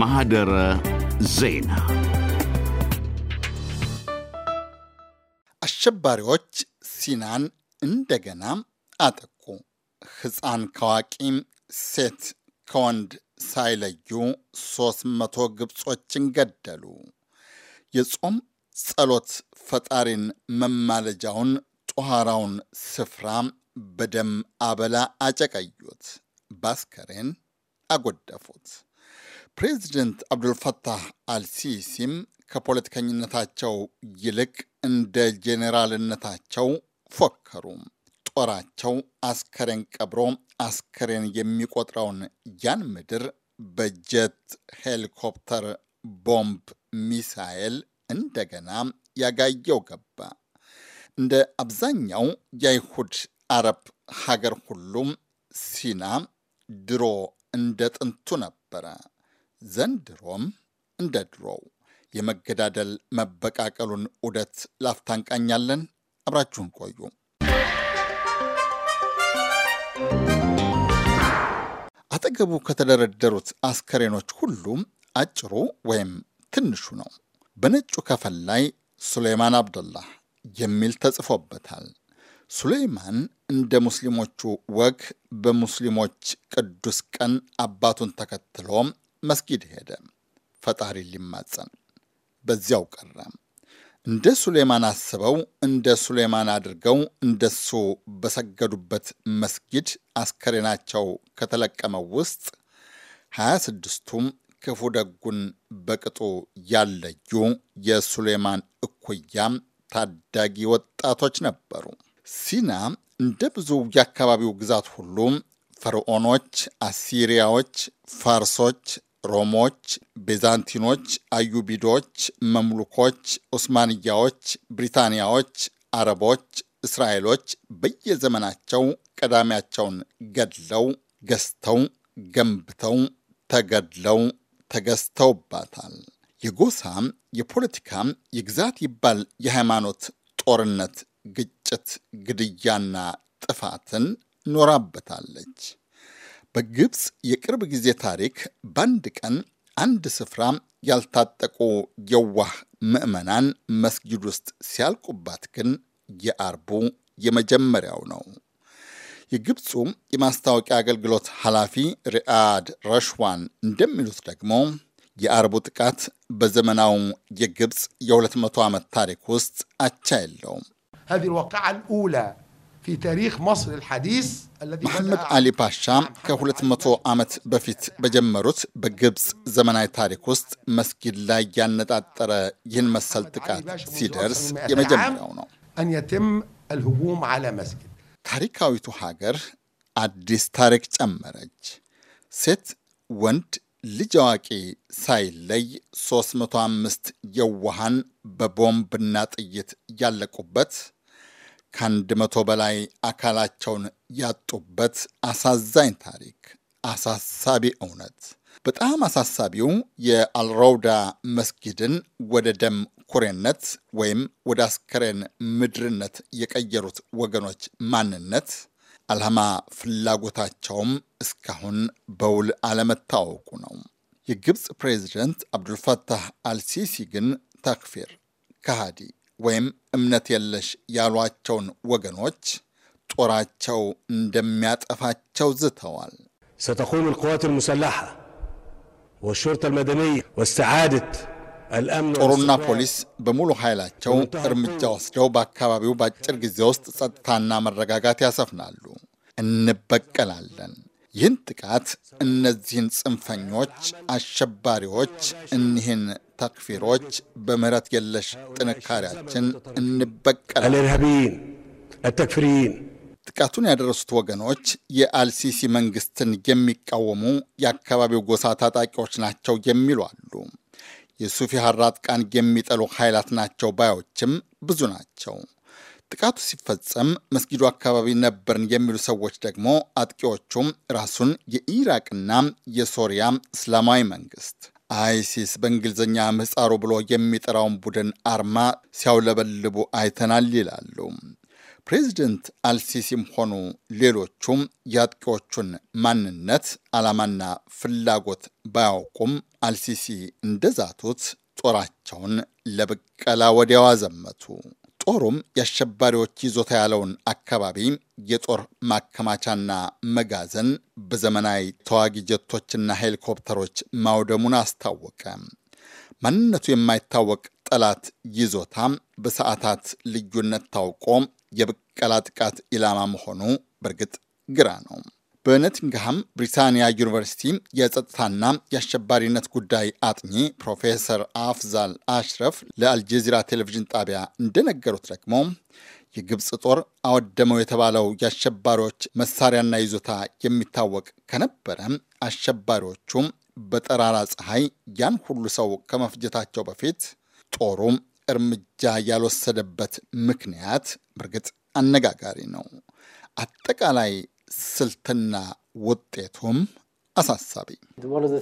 ማህደረ ዜና። አሸባሪዎች ሲናን እንደገና አጠቁ። ሕፃን ከአዋቂም ሴት ከወንድ ሳይለዩ 300 መቶ ግብጾችን ገደሉ። የጾም ጸሎት ፈጣሪን መማለጃውን ጦሃራውን ስፍራ በደም አበላ አጨቀዩት፣ ባስከሬን አጎደፉት። ፕሬዚደንት አብዱልፈታህ አልሲሲም ከፖለቲከኝነታቸው ይልቅ እንደ ጄኔራልነታቸው ፎከሩ። ጦራቸው አስከሬን ቀብሮ አስከሬን የሚቆጥረውን ያን ምድር በጀት ሄሊኮፕተር፣ ቦምብ፣ ሚሳኤል እንደገና ያጋየው ገባ። እንደ አብዛኛው የአይሁድ አረብ ሀገር ሁሉም ሲና ድሮ እንደ ጥንቱ ነበረ፣ ዘንድሮም እንደ ድሮው የመገዳደል መበቃቀሉን ዑደት ላፍታ እንቃኛለን። አብራችሁን ቆዩ። አጠገቡ ከተደረደሩት አስከሬኖች ሁሉም አጭሩ ወይም ትንሹ ነው። በነጩ ከፈል ላይ ሱሌይማን አብደላህ የሚል ተጽፎበታል። ሱሌይማን እንደ ሙስሊሞቹ ወግ በሙስሊሞች ቅዱስ ቀን አባቱን ተከትሎ መስጊድ ሄደ፣ ፈጣሪ ሊማጸን። በዚያው ቀረ። እንደ ሱሌማን አስበው እንደ ሱሌማን አድርገው እንደሱ በሰገዱበት መስጊድ አስከሬናቸው ከተለቀመው ውስጥ ሀያ ስድስቱም ክፉ ደጉን በቅጡ ያለዩ የሱሌማን እኩያም ታዳጊ ወጣቶች ነበሩ። ሲና እንደ ብዙ የአካባቢው ግዛት ሁሉ ፈርዖኖች፣ አሲሪያዎች፣ ፋርሶች፣ ሮሞች፣ ቤዛንቲኖች፣ አዩቢዶች፣ መምሉኮች፣ ኦስማንያዎች፣ ብሪታንያዎች፣ አረቦች፣ እስራኤሎች በየዘመናቸው ቀዳሚያቸውን ገድለው ገዝተው ገንብተው ተገድለው ተገዝተውባታል። የጎሳም፣ የፖለቲካም፣ የግዛት ይባል የሃይማኖት ጦርነት ግጭት፣ ግድያና ጥፋትን ኖራበታለች። በግብፅ የቅርብ ጊዜ ታሪክ በአንድ ቀን አንድ ስፍራ ያልታጠቁ የዋህ ምዕመናን መስጊድ ውስጥ ሲያልቁባት ግን የአርቡ የመጀመሪያው ነው። የግብፁ የማስታወቂያ አገልግሎት ኃላፊ ሪአድ ረሽዋን እንደሚሉት ደግሞ የአርቡ ጥቃት በዘመናዊ የግብፅ የ200 ዓመት ታሪክ ውስጥ አቻ የለውም። هذه الواقعة الأولى መሐመድ አሊ ፓሻ ከሁለት መቶ ዓመት በፊት በጀመሩት በግብፅ ዘመናዊ ታሪክ ውስጥ መስጊድ ላይ ያነጣጠረ ይህን መሰል ጥቃት ሲደርስ የመጀመሪያው ነው። ታሪካዊቱ ሀገር አዲስ ታሪክ ጨመረች። ሴት ወንድ ልጅ አዋቂ ሳይለይ 305 የዋሃን በቦምብና ጥይት ያለቁበት ከአንድ መቶ በላይ አካላቸውን ያጡበት አሳዛኝ ታሪክ፣ አሳሳቢ እውነት። በጣም አሳሳቢው የአልረውዳ መስጊድን ወደ ደም ኩሬነት ወይም ወደ አስከሬን ምድርነት የቀየሩት ወገኖች ማንነት አላማ ፍላጎታቸውም እስካሁን በውል አለመታወቁ ነው። የግብፅ ፕሬዚደንት አብዱልፈታህ አልሲሲ ግን ተክፊር፣ ከሃዲ ወይም እምነት የለሽ ያሏቸውን ወገኖች ጦራቸው እንደሚያጠፋቸው ዝተዋል። ستقوم القوات المسلحة والشرطة المدنية واستعادة ጦሩና ፖሊስ በሙሉ ኃይላቸው እርምጃ ወስደው በአካባቢው በአጭር ጊዜ ውስጥ ጸጥታና መረጋጋት ያሰፍናሉ። እንበቀላለን። ይህን ጥቃት እነዚህን ጽንፈኞች፣ አሸባሪዎች፣ እኒህን ተክፊሮች በምህረት የለሽ ጥንካሬያችን እንበቀላለን። ጥቃቱን ያደረሱት ወገኖች የአልሲሲ መንግስትን የሚቃወሙ የአካባቢው ጎሳ ታጣቂዎች ናቸው የሚሉ አሉ። የሱፊ ቃን የሚጠሉ ኃይላት ናቸው ባዮችም ብዙ ናቸው። ጥቃቱ ሲፈጸም መስጊዱ አካባቢ ነበርን የሚሉ ሰዎች ደግሞ አጥቂዎቹም ራሱን የኢራቅና የሶሪያ እስላማዊ መንግስት አይሲስ በእንግሊዝኛ ምህጻሩ ብሎ የሚጠራውን ቡድን አርማ ሲያውለበልቡ አይተናል ይላሉ። ፕሬዚደንት አልሲሲም ሆኑ ሌሎቹም የአጥቂዎቹን ማንነት ዓላማና ፍላጎት ባያውቁም አልሲሲ እንደዛቱት ጦራቸውን ለብቀላ ወዲያው አዘመቱ። ጦሩም የአሸባሪዎች ይዞታ ያለውን አካባቢ የጦር ማከማቻና መጋዘን በዘመናዊ ተዋጊ ጀቶችና ሄሊኮፕተሮች ማውደሙን አስታወቀ። ማንነቱ የማይታወቅ ጠላት ይዞታ በሰዓታት ልዩነት ታውቆ የብቀላ ጥቃት ኢላማ መሆኑ በእርግጥ ግራ ነው። በነቲንግሃም ብሪታንያ ዩኒቨርሲቲ የጸጥታና የአሸባሪነት ጉዳይ አጥኚ ፕሮፌሰር አፍዛል አሽረፍ ለአልጀዚራ ቴሌቪዥን ጣቢያ እንደነገሩት ደግሞ የግብፅ ጦር አወደመው የተባለው የአሸባሪዎች መሳሪያና ይዞታ የሚታወቅ ከነበረ አሸባሪዎቹም በጠራራ ፀሐይ ያን ሁሉ ሰው ከመፍጀታቸው በፊት ጦሩ እርምጃ ያልወሰደበት ምክንያት በእርግጥ አነጋጋሪ ነው። አጠቃላይ ስልትና ውጤቱም አሳሳቢ። uh,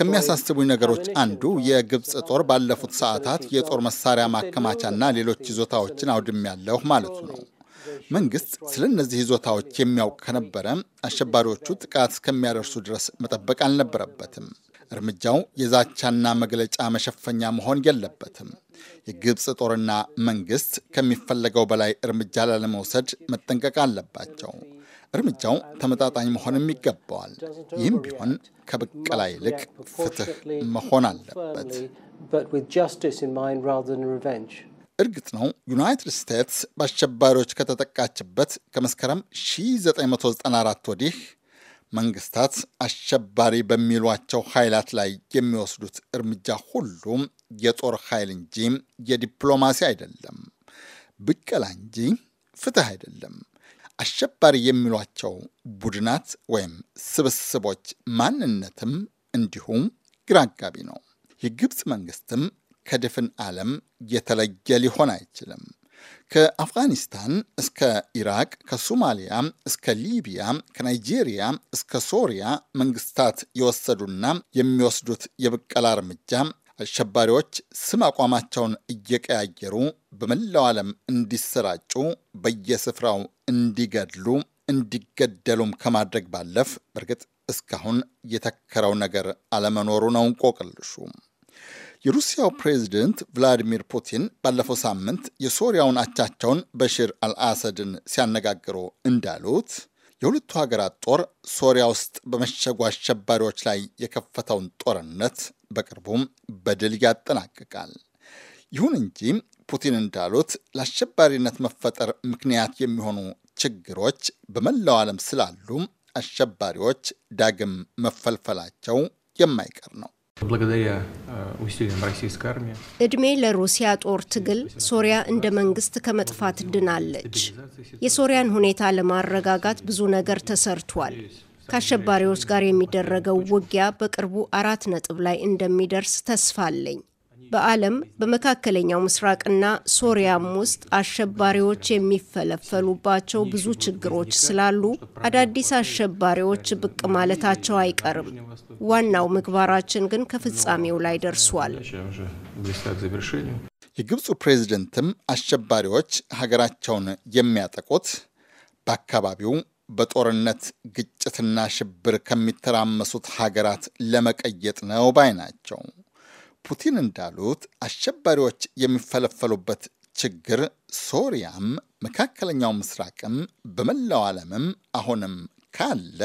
ከሚያሳስቡኝ ነገሮች አንዱ የግብፅ ጦር ባለፉት ሰዓታት የጦር መሳሪያ ማከማቻና ሌሎች ይዞታዎችን አውድሜያለሁ ማለቱ ነው። መንግስት ስለ እነዚህ ይዞታዎች የሚያውቅ ከነበረ አሸባሪዎቹ ጥቃት እስከሚያደርሱ ድረስ መጠበቅ አልነበረበትም። እርምጃው የዛቻና መግለጫ መሸፈኛ መሆን የለበትም። የግብፅ ጦርና መንግስት ከሚፈለገው በላይ እርምጃ ላለመውሰድ መጠንቀቅ አለባቸው። እርምጃው ተመጣጣኝ መሆንም ይገባዋል። ይህም ቢሆን ከብቀላ ይልቅ ፍትህ መሆን አለበት። እርግጥ ነው ዩናይትድ ስቴትስ በአሸባሪዎች ከተጠቃችበት ከመስከረም 1994 ወዲህ መንግስታት አሸባሪ በሚሏቸው ኃይላት ላይ የሚወስዱት እርምጃ ሁሉም የጦር ኃይል እንጂ የዲፕሎማሲ አይደለም፣ ብቀላ እንጂ ፍትህ አይደለም። አሸባሪ የሚሏቸው ቡድናት ወይም ስብስቦች ማንነትም እንዲሁም ግራ አጋቢ ነው። የግብፅ መንግስትም ከድፍን ዓለም የተለየ ሊሆን አይችልም። ከአፍጋኒስታን እስከ ኢራቅ፣ ከሶማሊያ እስከ ሊቢያ፣ ከናይጄሪያ እስከ ሶሪያ መንግስታት የወሰዱና የሚወስዱት የብቀላ እርምጃ አሸባሪዎች ስም አቋማቸውን እየቀያየሩ በመላው ዓለም እንዲሰራጩ በየስፍራው እንዲገድሉ እንዲገደሉም ከማድረግ ባለፍ በእርግጥ እስካሁን የተከረው ነገር አለመኖሩ ነው እንቆቅልሹ። የሩሲያው ፕሬዝደንት ቭላዲሚር ፑቲን ባለፈው ሳምንት የሶሪያውን አቻቸውን በሽር አልአሰድን ሲያነጋግሩ እንዳሉት የሁለቱ ሀገራት ጦር ሶሪያ ውስጥ በመሸጉ አሸባሪዎች ላይ የከፈተውን ጦርነት በቅርቡም በድል ያጠናቅቃል። ይሁን እንጂ ፑቲን እንዳሉት ለአሸባሪነት መፈጠር ምክንያት የሚሆኑ ችግሮች በመላው ዓለም ስላሉ አሸባሪዎች ዳግም መፈልፈላቸው የማይቀር ነው። Э, እድሜ ለሩሲያ ጦር ትግል ሶሪያ እንደ መንግስት ከመጥፋት ድናለች። የሶሪያን ሁኔታ ለማረጋጋት ብዙ ነገር ተሰርቷል። ከአሸባሪዎች ጋር የሚደረገው ውጊያ በቅርቡ አራት ነጥብ ላይ እንደሚደርስ ተስፋ አለኝ። በዓለም በመካከለኛው ምስራቅና ሶሪያም ውስጥ አሸባሪዎች የሚፈለፈሉባቸው ብዙ ችግሮች ስላሉ አዳዲስ አሸባሪዎች ብቅ ማለታቸው አይቀርም። ዋናው ምግባራችን ግን ከፍጻሜው ላይ ደርሷል። የግብፁ ፕሬዝደንትም አሸባሪዎች ሀገራቸውን የሚያጠቁት በአካባቢው በጦርነት ግጭትና ሽብር ከሚተራመሱት ሀገራት ለመቀየጥ ነው ባይ ናቸው። ፑቲን እንዳሉት አሸባሪዎች የሚፈለፈሉበት ችግር ሶሪያም፣ መካከለኛው ምስራቅም፣ በመላው ዓለምም አሁንም ካለ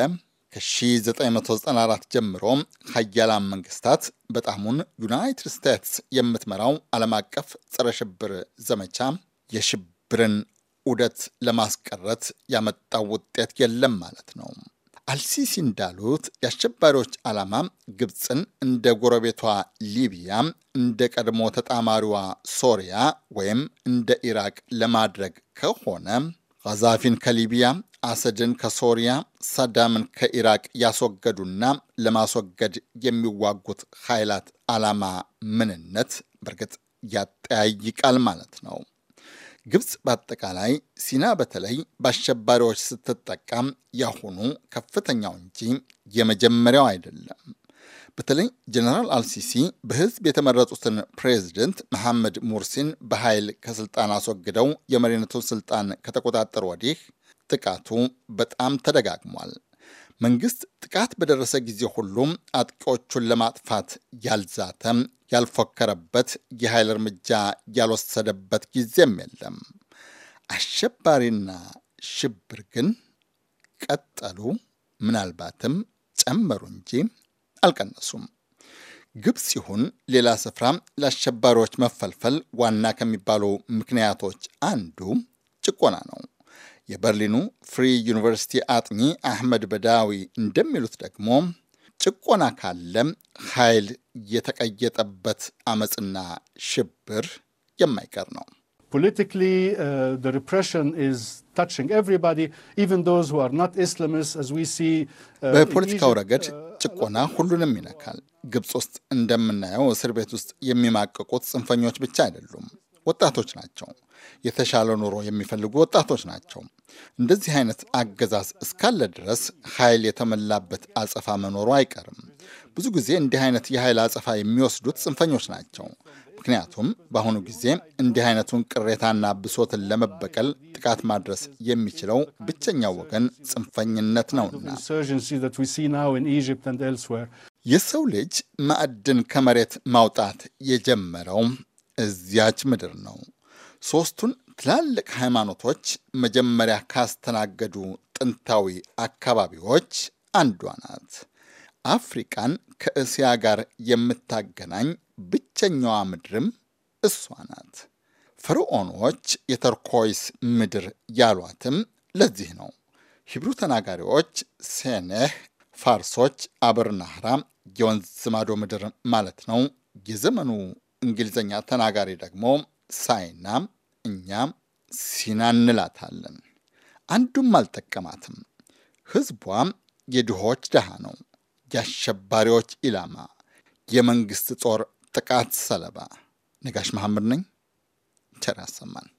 ከ1994 ጀምሮ ሀያላን መንግስታት በጣሙን ዩናይትድ ስቴትስ የምትመራው ዓለም አቀፍ ጸረ ሽብር ዘመቻ የሽብርን ዑደት ለማስቀረት ያመጣው ውጤት የለም ማለት ነው። አልሲሲ እንዳሉት የአሸባሪዎች ዓላማ ግብፅን እንደ ጎረቤቷ ሊቢያ፣ እንደ ቀድሞ ተጣማሪዋ ሶሪያ ወይም እንደ ኢራቅ ለማድረግ ከሆነ ቀዛፊን ከሊቢያ አሰድን ከሶሪያ ሰዳምን ከኢራቅ ያስወገዱና ለማስወገድ የሚዋጉት ኃይላት ዓላማ ምንነት በእርግጥ ያጠያይቃል ማለት ነው። ግብፅ በአጠቃላይ ሲና በተለይ በአሸባሪዎች ስትጠቃም ያሁኑ ከፍተኛው እንጂ የመጀመሪያው አይደለም። በተለይ ጀነራል አልሲሲ በህዝብ የተመረጡትን ፕሬዚደንት መሐመድ ሙርሲን በኃይል ከስልጣን አስወግደው የመሪነቱን ስልጣን ከተቆጣጠሩ ወዲህ ጥቃቱ በጣም ተደጋግሟል። መንግስት ጥቃት በደረሰ ጊዜ ሁሉም አጥቂዎቹን ለማጥፋት ያልዛተም ያልፎከረበት የኃይል እርምጃ ያልወሰደበት ጊዜም የለም። አሸባሪና ሽብር ግን ቀጠሉ፣ ምናልባትም ጨመሩ እንጂ አልቀነሱም። ግብፅ ሲሆን ሌላ ስፍራ ለአሸባሪዎች መፈልፈል ዋና ከሚባሉ ምክንያቶች አንዱ ጭቆና ነው። የበርሊኑ ፍሪ ዩኒቨርሲቲ አጥኚ አህመድ በዳዊ እንደሚሉት ደግሞ ጭቆና ካለ ኃይል የተቀየጠበት አመፅና ሽብር የማይቀር ነው። uh, uh, በፖለቲካው ረገድ ጭቆና ሁሉንም ይነካል። ግብፅ ውስጥ እንደምናየው እስር ቤት ውስጥ የሚማቀቁት ጽንፈኞች ብቻ አይደሉም፣ ወጣቶች ናቸው። የተሻለ ኑሮ የሚፈልጉ ወጣቶች ናቸው። እንደዚህ አይነት አገዛዝ እስካለ ድረስ ኃይል የተመላበት አጸፋ መኖሩ አይቀርም። ብዙ ጊዜ እንዲህ አይነት የኃይል አጸፋ የሚወስዱት ጽንፈኞች ናቸው። ምክንያቱም በአሁኑ ጊዜ እንዲህ አይነቱን ቅሬታና ብሶትን ለመበቀል ጥቃት ማድረስ የሚችለው ብቸኛው ወገን ጽንፈኝነት ነውና። የሰው ልጅ ማዕድን ከመሬት ማውጣት የጀመረው እዚያች ምድር ነው። ሦስቱን ትላልቅ ሃይማኖቶች መጀመሪያ ካስተናገዱ ጥንታዊ አካባቢዎች አንዷ ናት። አፍሪቃን ከእስያ ጋር የምታገናኝ ብቸኛዋ ምድርም እሷ ናት። ፈርዖኖች የተርኮይስ ምድር ያሏትም ለዚህ ነው። ሂብሩ ተናጋሪዎች ሴኔህ፣ ፋርሶች አበርናህራ የወንዝ ማዶ ምድር ማለት ነው። የዘመኑ እንግሊዝኛ ተናጋሪ ደግሞ ሳይናም እኛም ሲና እንላታለን። አንዱም አልጠቀማትም። ህዝቧም የድሆች ድሃ ነው፣ የአሸባሪዎች ኢላማ፣ የመንግስት ጦር ጥቃት ሰለባ ነጋሽ መሐመድ ነኝ። ቸር ያሰማን።